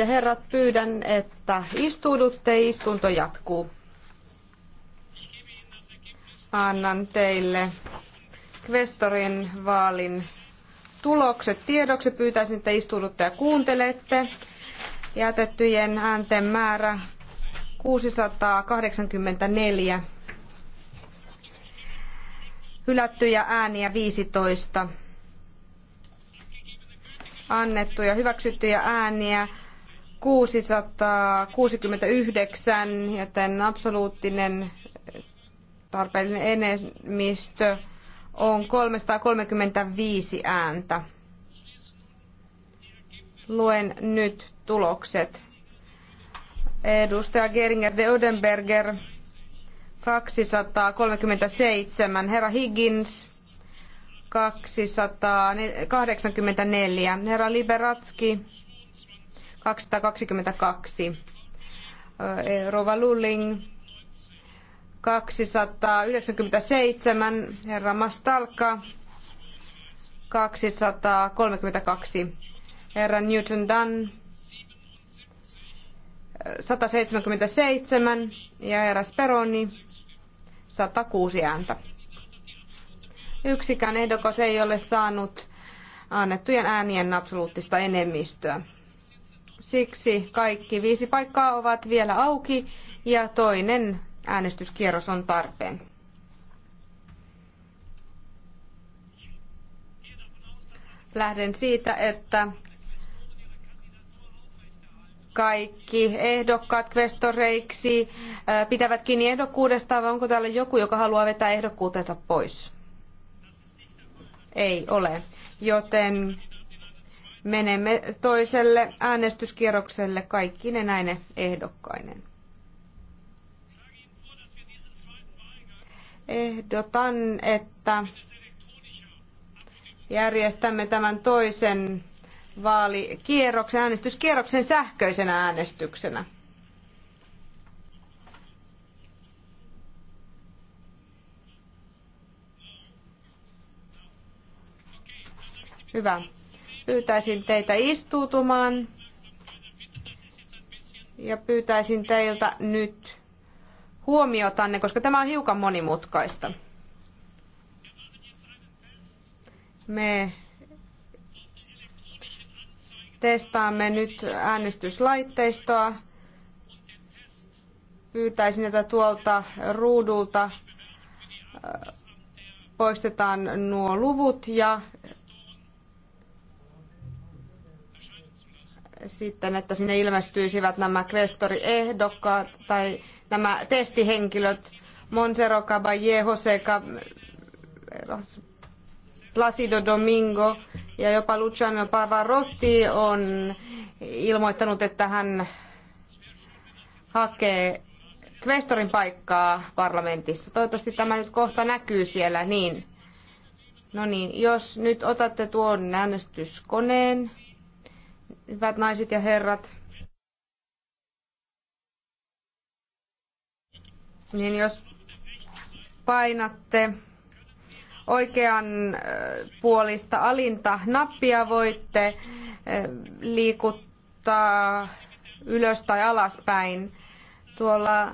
ja herrat, pyydän, että istuudutte. Istunto jatkuu. Annan teille kvestorin vaalin tulokset tiedoksi. Pyytäisin, että istuudutte ja kuuntelette. Jätettyjen äänten määrä 684. Hylättyjä ääniä 15 annettuja hyväksyttyjä ääniä 669, joten absoluuttinen tarpeellinen enemmistö on 335 ääntä. Luen nyt tulokset. Edustaja Geringer de Odenberger 237, herra Higgins 284, herra Liberatski 222. Eh, Rova Lulling 297, herra Mastalka 232, herra Newton Dunn 177 ja herra Speroni 106 ääntä. Yksikään ehdokas ei ole saanut annettujen äänien absoluuttista enemmistöä. Siksi kaikki viisi paikkaa ovat vielä auki ja toinen äänestyskierros on tarpeen. Lähden siitä, että kaikki ehdokkaat kvestoreiksi pitävät kiinni ehdokkuudesta, vai onko täällä joku, joka haluaa vetää ehdokkuutensa pois? Ei ole, joten menemme toiselle äänestyskierrokselle kaikkine näine ehdokkainen. Ehdotan, että järjestämme tämän toisen vaalikierroksen, äänestyskierroksen sähköisenä äänestyksenä. Hyvä. Pyytäisin teitä istuutumaan ja pyytäisin teiltä nyt huomiotanne, koska tämä on hiukan monimutkaista. Me testaamme nyt äänestyslaitteistoa. Pyytäisin, että tuolta ruudulta poistetaan nuo luvut ja sitten, että sinne ilmestyisivät nämä kvestoriehdokkaat tai nämä testihenkilöt, Monsero Caballé, Jose Placido Domingo ja jopa Luciano Pavarotti on ilmoittanut, että hän hakee kvestorin paikkaa parlamentissa. Toivottavasti tämä nyt kohta näkyy siellä, niin. No niin, jos nyt otatte tuon äänestyskoneen. Hyvät naiset ja herrat, niin jos painatte oikean puolista alinta nappia, voitte liikuttaa ylös tai alaspäin tuolla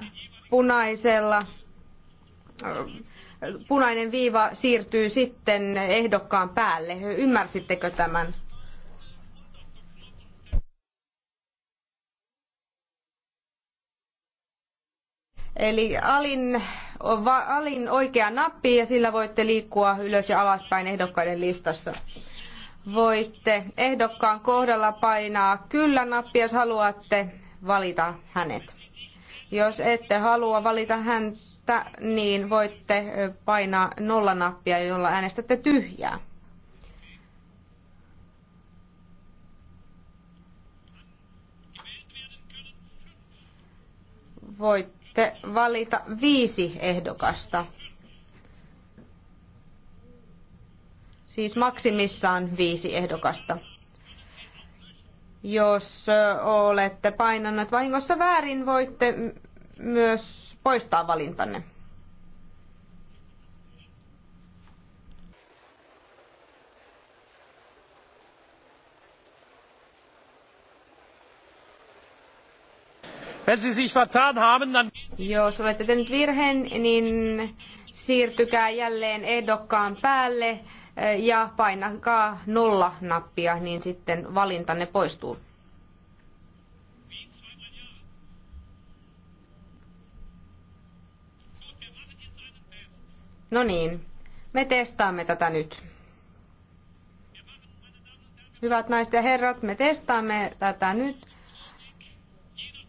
punaisella punainen viiva siirtyy sitten ehdokkaan päälle. Ymmärsittekö tämän? Eli alin, alin oikea nappi ja sillä voitte liikkua ylös ja alaspäin ehdokkaiden listassa. Voitte ehdokkaan kohdalla painaa kyllä-nappia, jos haluatte valita hänet. Jos ette halua valita häntä, niin voitte painaa nolla nappia, jolla äänestätte tyhjää. Voit voitte valita viisi ehdokasta. Siis maksimissaan viisi ehdokasta. Jos olette painanneet vahingossa väärin, voitte myös poistaa valintanne. wenn sie sich vertan haben dann. Jos olette tehnyt virheen, niin siirtykää jälleen ehdokkaan päälle eh, ja painakaa nolla-nappia, niin sitten valintanne poistuu. No niin, me testaamme tätä nyt. Hyvät naiset ja herrat, me testaamme tätä nyt.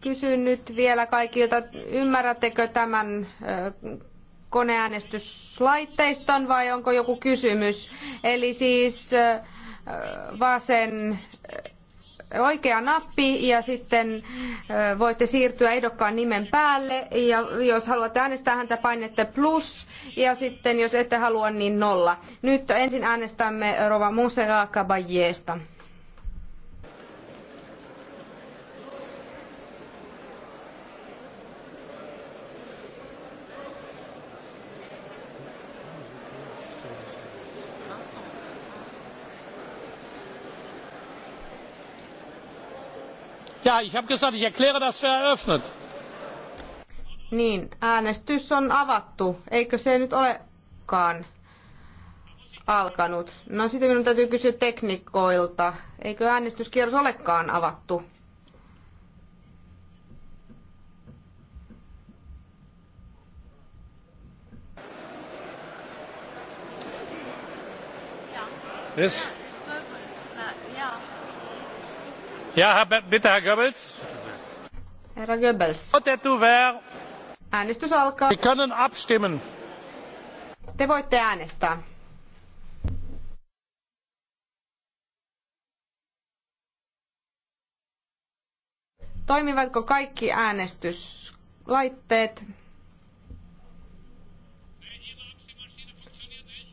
Kysyn nyt vielä kaikilta, ymmärrättekö tämän koneäänestyslaitteiston vai onko joku kysymys? Eli siis vasen oikea nappi ja sitten voitte siirtyä ehdokkaan nimen päälle. Ja jos haluatte äänestää häntä, painette plus ja sitten jos ette halua, niin nolla. Nyt ensin äänestämme Rova Monserrat Caballesta. Ja, ich habe gesagt, ich erkläre das für eröffnet. Niin, äänestys on avattu. Eikö se nyt olekaan alkanut? No sitten minun täytyy kysyä teknikoilta. Eikö äänestyskierros olekaan avattu? Yes. Ja, bitte, Herr Goebbels. Herra Goebbels. Äänestys alkaa. Wir können abstimmen. Te voitte äänestää. Toimivatko kaikki äänestyslaitteet?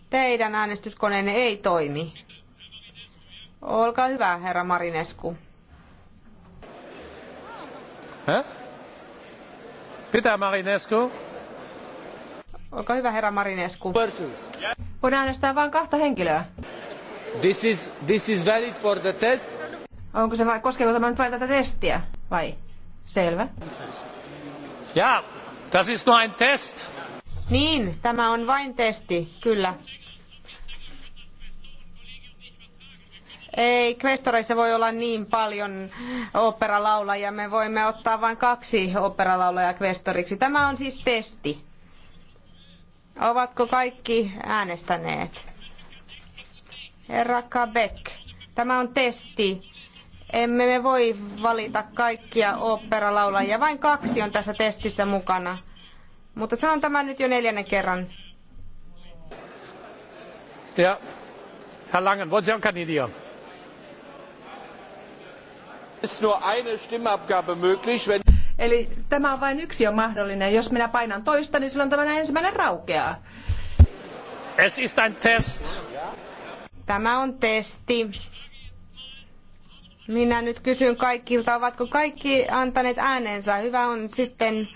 Teidän äänestyskoneenne ei toimi. Olkaa hyvä, herra Marinesku. Hä? Marinescu. Olkaa hyvä, herra Marinescu. Persons. Voin äänestää vain kahta henkilöä. This is, this is valid for the test. Onko se vai, koskeeko tämä nyt vain tätä testiä? Vai? Selvä. Ja, das ist nur ein test. Niin, tämä on vain testi, kyllä. Ei kvestoreissa voi olla niin paljon operalaulajia. Me voimme ottaa vain kaksi operalaulajaa kvestoriksi. Tämä on siis testi. Ovatko kaikki äänestäneet? Herra Kabek, tämä on testi. Emme me voi valita kaikkia operalaulajia. Vain kaksi on tässä testissä mukana. Mutta sanon tämän nyt jo neljännen kerran. Ja, Herr Langen, wollen Sie auch kandidieren? Eli tämä on vain yksi on mahdollinen. Jos minä painan toista, niin silloin tämä ensimmäinen raukeaa. Es ist ein test. Tämä on testi. Minä nyt kysyn kaikilta, ovatko kaikki antaneet äänensä. Hyvä on sitten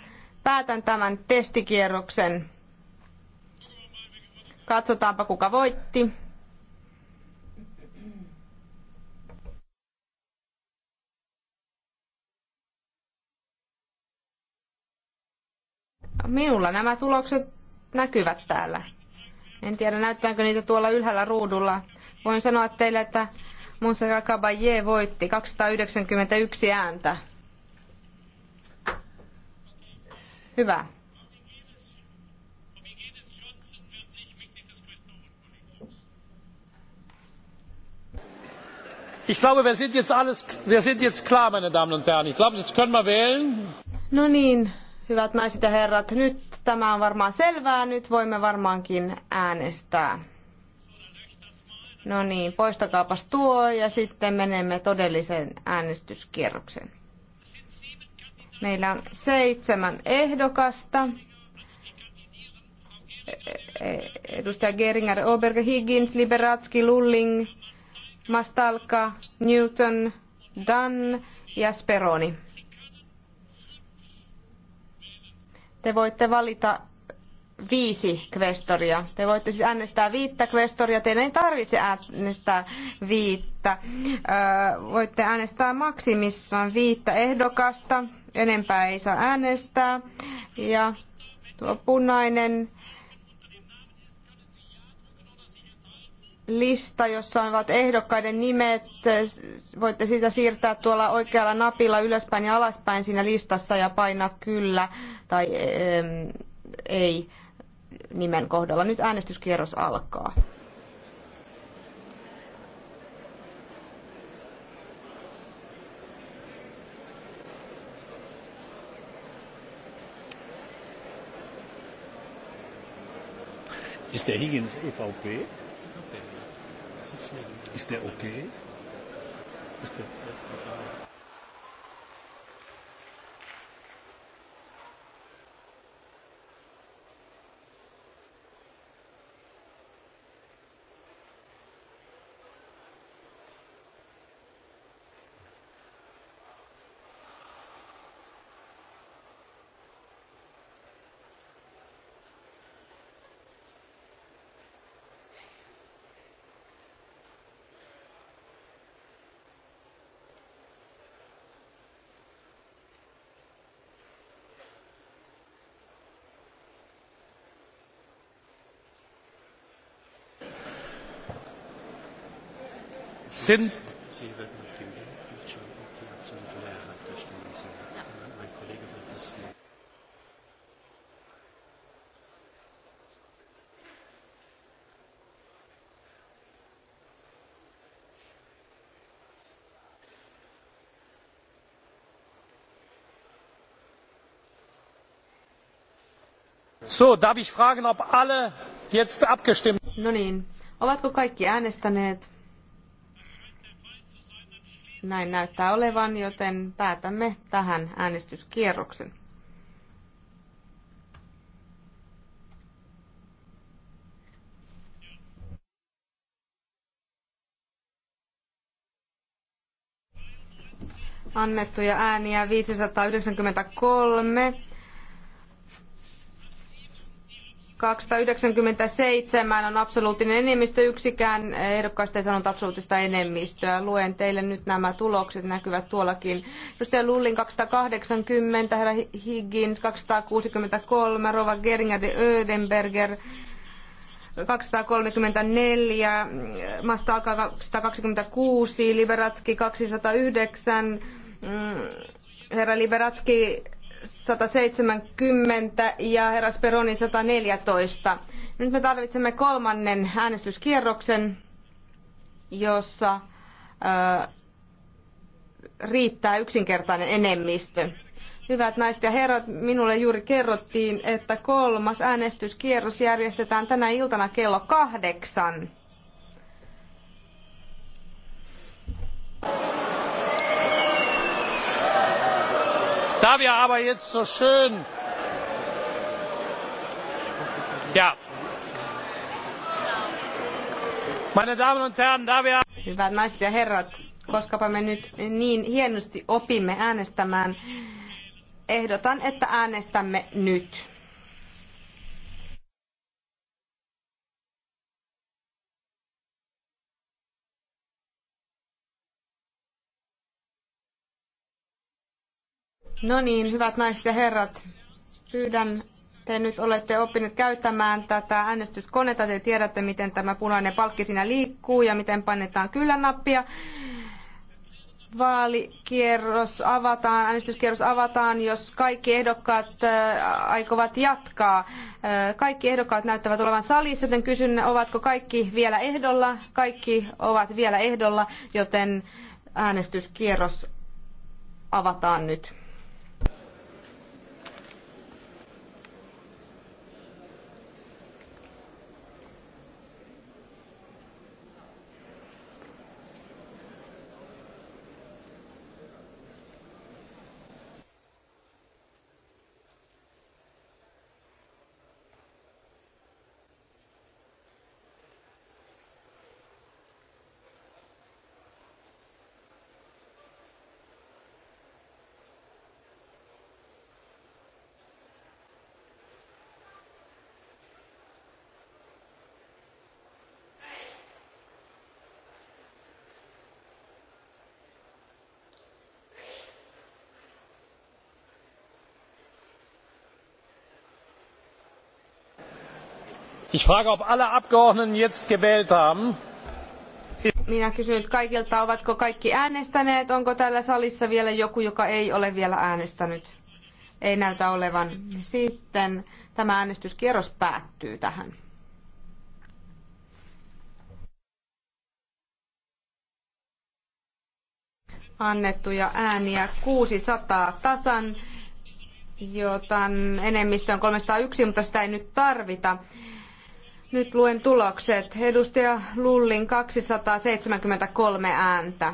päätän tämän testikierroksen. Katsotaanpa kuka voitti. Minulla nämä tulokset näkyvät täällä. En tiedä, näyttääkö niitä tuolla ylhäällä ruudulla. Voin sanoa teille, että Monserrat Caballé voitti 291 ääntä. Hyvä. Ich glaube, wir sind jetzt alles, wir sind jetzt klar, meine Damen und Herren. Ich glaube, jetzt können wir wählen. No niin, Hyvät naiset ja herrat, nyt tämä on varmaan selvää, nyt voimme varmaankin äänestää. No niin, poistakaapas tuo ja sitten menemme todelliseen äänestyskierrokseen. Meillä on seitsemän ehdokasta. Edustaja Geringer, Oberg, Higgins, Liberatski, Lulling, Mastalka, Newton, Dunn ja Speroni. Te voitte valita viisi kvestoria. Te voitte siis äänestää viittä kvestoria. Teidän ei tarvitse äänestää viittä. Öö, voitte äänestää maksimissaan viittä ehdokasta. Enempää ei saa äänestää. Ja tuo punainen lista, jossa vaat ehdokkaiden nimet. Voitte siitä siirtää tuolla oikealla napilla ylöspäin ja alaspäin siinä listassa ja painaa kyllä tai ei nimen kohdalla. Nyt äänestyskierros alkaa. Ist Higgins EVP? Ist der okay? Ist der, sind So, darf ich fragen, ob alle jetzt abgestimmt haben? No niin, ovatko kaikki äänestäneet? Näin näyttää olevan, joten päätämme tähän äänestyskierroksen. Annettuja ääniä 593 297 on absoluuttinen enemmistö, yksikään ehdokkaista ei sanonut absoluuttista enemmistöä. Luen teille nyt nämä tulokset, näkyvät tuollakin. Edustaja Lullin 280, herra Higgins 263, Rova Geringer de Ödenberger 234, Mastalka 226, Liberatski 209, mm, herra Liberatski 170 ja herra Speroni 114. Nyt me tarvitsemme kolmannen äänestyskierroksen, jossa riittää yksinkertainen enemmistö. Hyvät naiset ja herrat, minulle juuri kerrottiin, että kolmas äänestyskierros järjestetään tänä iltana kello kahdeksan. Da wir aber jetzt so schön. Ja. Meine Damen und Herren, da wir. Hyvät naiset ja herrat, koskapa me nyt niin hienosti opimme äänestämään, ehdotan, että äänestämme nyt. No niin, hyvät naiset ja herrat, pyydän, te nyt olette oppineet käyttämään tätä äänestyskonetta, te tiedätte, miten tämä punainen palkki siinä liikkuu ja miten painetaan kyllä-nappia. Vaalikierros avataan, äänestyskierros avataan, jos kaikki ehdokkaat äh, aikovat jatkaa. Äh, kaikki ehdokkaat näyttävät olevan salissa, joten kysyn, ovatko kaikki vielä ehdolla? Kaikki ovat vielä ehdolla, joten äänestyskierros avataan nyt. Ich frage, ob alle Abgeordneten jetzt gewählt haben. Minä kysyn nyt kaikilta, ovatko kaikki äänestäneet? Onko täällä salissa vielä joku, joka ei ole vielä äänestänyt? Ei näytä olevan. Sitten tämä äänestyskierros päättyy tähän. annettuja ääniä 600 tasan, joten enemmistö on 301, mutta sitä ei nyt tarvita. Nyt luen tulokset. Edustaja Lullin 273 ääntä.